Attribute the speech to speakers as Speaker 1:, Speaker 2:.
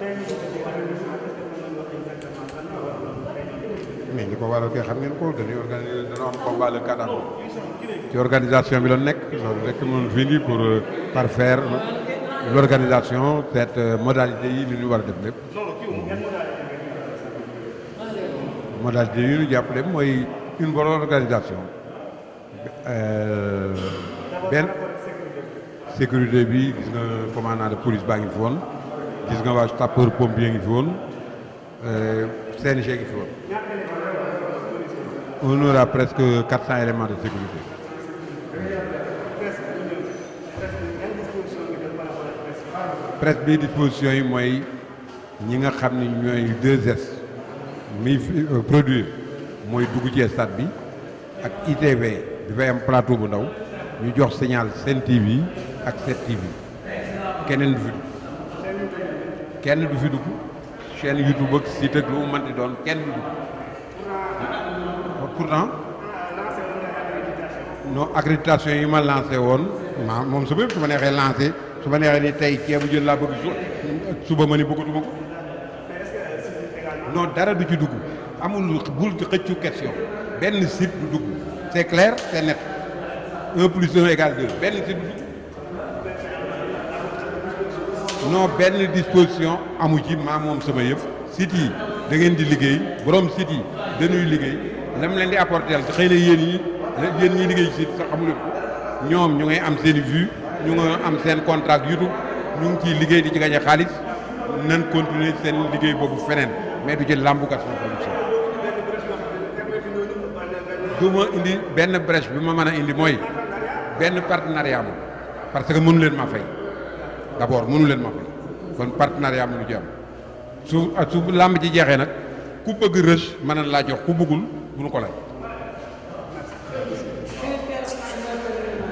Speaker 1: mais li waral kay xam ngeen ko dañuy organiser dañoo organisation bi la nekk loolu rek moom fii pour euh, parfaire euh, l'organisation cette euh, modalité yi li ñu war def lépp modalité yi ñu jàpp lépp mooy une bonne organisation benn sécurité bi gis nga de police baa ngi fi gis nga waa sapeur pompier ngi fi woon euh, CNG ngi fi presque quatre cent éléments de sécurité. presse bi disposition yi mooy ñi nga xam ni ñooy 2S muy euh, produire mooy dugg ci stade bi ak ITV dafay am plateau bu ndaw ñu jox signal Sen TV ak 7TV keneen du fi. kenn du fi dugg chaîne YouTube ak site lu mu mën di doon kenn du dugg pourtant non accréditation yi ma lancé woon ma moom su ma neexee lancé su ma neexee ni tey ceebu jën laa bëgg suba ma ni bëggatuma ko non dara du ci dugg amul bul xëccu question benn site du dugg c'est clair c'est net un plus un égale deux benn site non benn disposition amu ci maa moom sama yëf site yi da ngeen di liggéey borom site yi dañuy liggéey lam leen di apporter xëy yéen yi yéen ñi liggéey site sax xamu ñoom ñu ngi am seen i vue ñu nga am seen contrat YouTube ñu ngi ciy liggéey di ci gañe xaalis nan continuer seen liggéey boobu feneen mais du ci làmbu Gaston Production du ma indi benn brèche bi ma mën a indi mooy benn partenariat parce que mënu leen ma fay d' abord mënu leen ma fay kon partenariat mënu ci am su ah, su làmb ci jeexee nag ku bëgg rëch mën na laa jox ku bëggul bu nu ko laaj